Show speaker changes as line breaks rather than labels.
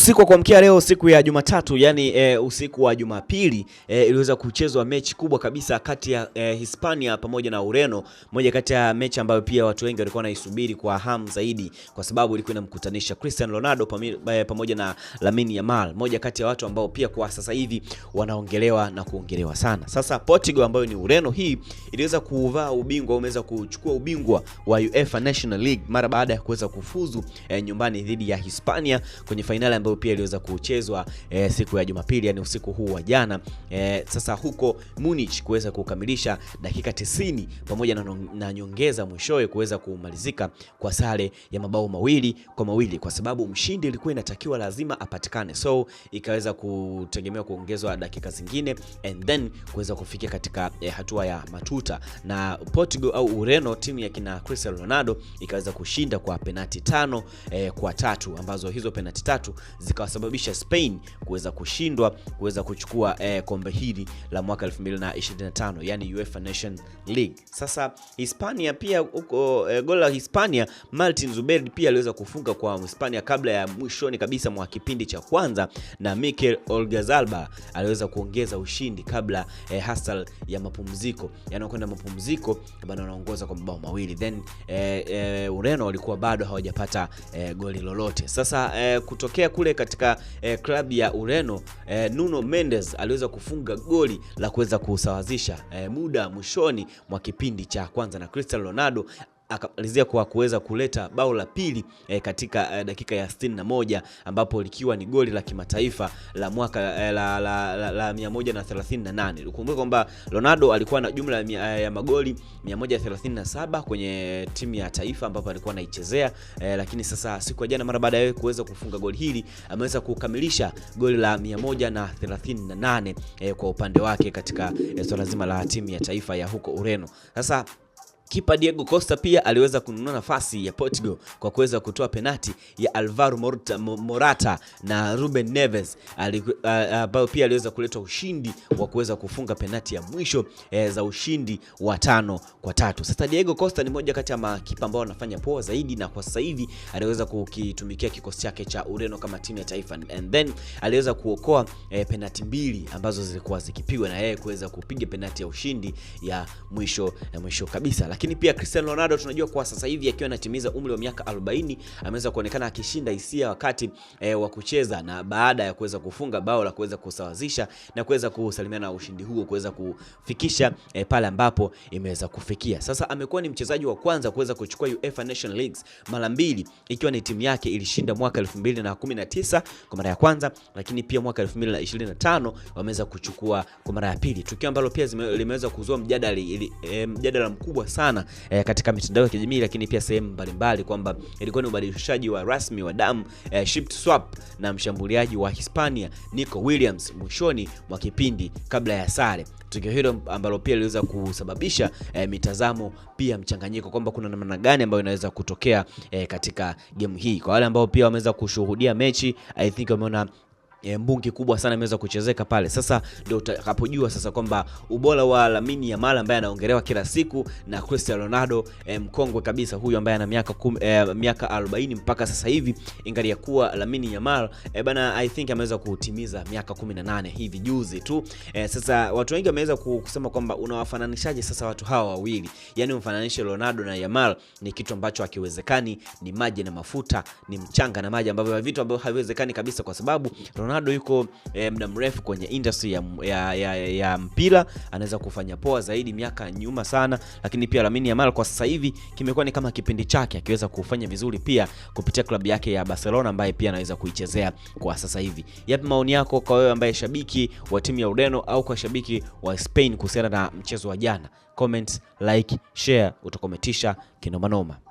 Usiku wa kuamkia leo siku ya Jumatatu, yani e, usiku wa Jumapili e, iliweza kuchezwa mechi kubwa kabisa kati ya e, Hispania pamoja na Ureno, moja kati ya mechi ambayo pia watu wengi walikuwa wanaisubiri kwa hamu zaidi, kwa sababu ilikuwa inamkutanisha Cristiano Ronaldo pamoja na Lamine Yamal, moja kati ya watu ambao pia kwa sasa hivi wanaongelewa na kuongelewa sana. Sasa Portugal ambayo ni Ureno, hii iliweza kuvaa ubingwa, umeweza kuchukua ubingwa wa UEFA National League mara baada ya kuweza kufuzu e, nyumbani dhidi ya Hispania kwenye fainali ambayo pia iliweza kuchezwa e, siku ya Jumapili, yani usiku huu wa jana e, sasa huko Munich kuweza kukamilisha dakika 90 pamoja na, na nyongeza mwishowe kuweza kumalizika kwa sare ya mabao mawili kwa mawili kwa sababu mshindi ilikuwa inatakiwa lazima apatikane, so ikaweza kutegemea kuongezwa dakika zingine and then kuweza kufikia katika e, hatua ya matuta na Portugal au Ureno, timu ya kina Cristiano Ronaldo ikaweza kushinda kwa penati tano e, kwa tatu ambazo hizo penati tatu zikawasababisha Spain kuweza kushindwa kuweza kuchukua eh, kombe hili la mwaka 2025 yani UEFA Nation League. Sasa Hispania pia huko eh, goli la Hispania Martin zuberd pia aliweza kufunga kwa Hispania kabla ya mwishoni kabisa mwa kipindi cha kwanza, na Mikel Olgazalba aliweza kuongeza ushindi kabla eh, hasal ya mapumziko kwenda mapumziko bado wanaongoza kwa mabao mawili then eh, eh, Ureno walikuwa bado hawajapata eh, goli lolote. Sasa eh, kutokea kule kule katika eh, klabu ya Ureno eh, Nuno Mendes aliweza kufunga goli la kuweza kusawazisha eh, muda mwishoni mwa kipindi cha kwanza na Cristiano Ronaldo akamalizia kwa kuweza kuleta bao la pili eh, katika eh, dakika ya 61 ambapo likiwa ni goli la kimataifa la mwaka eh, la, la, la, la 138. Ukumbuke kwamba Ronaldo alikuwa na jumla ya, eh, ya magoli 137 kwenye timu ya taifa ambapo alikuwa anaichezea eh, lakini sasa siku ya jana mara baada ya kuweza kufunga goli hili ameweza kukamilisha goli la 138 eh, kwa upande wake katika eh, swala zima la timu ya taifa ya huko Ureno. Sasa Kipa Diego Costa pia aliweza kununua nafasi ya Portugal kwa kuweza kutoa penati ya Alvaro Morata, Morata na Ruben Neves ambayo pia aliweza kuleta ushindi wa kuweza kufunga penati ya mwisho e, za ushindi wa tano kwa tatu. Sasa Diego Costa ni moja kati ya makipa ambao wanafanya poa zaidi na kwa sasa hivi aliweza kukitumikia kikosi chake cha Ureno kama timu ya taifa and then aliweza kuokoa e, penati mbili ambazo zilikuwa zikipigwa na yeye kuweza kupiga penati ya ushindi ya mwisho na mwisho kabisa. Lakini pia Cristiano Ronaldo tunajua kwa sasa hivi akiwa anatimiza umri wa miaka 40 ameweza kuonekana akishinda hisia wakati e, wa kucheza na baada ya kuweza kufunga bao la kuweza kusawazisha na kuweza kusalimiana na ushindi huo kuweza kufikisha e, pale ambapo imeweza kufikia. Sasa amekuwa ni mchezaji wa kwanza kuweza kuchukua UEFA Nation Leagues mara mbili ikiwa ni timu yake ilishinda mwaka 2019 kwa mara ya kwanza, lakini pia mwaka 2025 wameweza kuchukua kwa mara ya pili, tukio ambalo pia limeweza kuzua mjadala eh, mjadala mkubwa sana sana e, katika mitandao ya kijamii lakini pia sehemu mbalimbali kwamba ilikuwa ni ubadilishaji wa rasmi wa damu e, eh, shift swap na mshambuliaji wa Hispania Nico Williams mwishoni mwa kipindi kabla ya sare. Tukio hilo ambalo pia liliweza kusababisha e, mitazamo pia mchanganyiko kwamba kuna namna gani ambayo inaweza kutokea e, katika game hii. Kwa wale ambao pia wameweza kushuhudia mechi I think wameona E, mbungi kubwa sana imeweza kuchezeka pale. Sasa ndio utakapojua sasa kwamba ubora wa Lamine Yamal ambaye anaongelewa kila siku na Cristiano Ronaldo e, mkongwe kabisa huyu ambaye ana miaka kum, e, miaka 40 mpaka sasa hivi, ingalia kuwa Lamine Yamal e, bana I think ameweza kutimiza miaka 18 hivi juzi tu e, sasa watu wengi wameweza kusema kwamba unawafananishaje sasa watu hawa wawili, Yaani umfananishe Ronaldo na Yamal ni kitu ambacho hakiwezekani, ni maji na mafuta, ni mchanga na maji, ambavyo vitu ambavyo haviwezekani kabisa kwa sababu Ronaldo Ronaldo yuko eh, muda mrefu kwenye industry ya, ya, ya, ya mpira, anaweza kufanya poa zaidi miaka nyuma sana, lakini pia Lamine Yamal kwa sasa hivi kimekuwa ni kama kipindi chake, akiweza kufanya vizuri pia kupitia klabu yake ya Barcelona ambaye pia anaweza kuichezea kwa sasa hivi. Yapi maoni yako kwa wewe ambaye shabiki wa timu ya Ureno au kwa shabiki wa Spain kuhusiana na mchezo wa jana? Comment, like, share, utakometisha kinomanoma.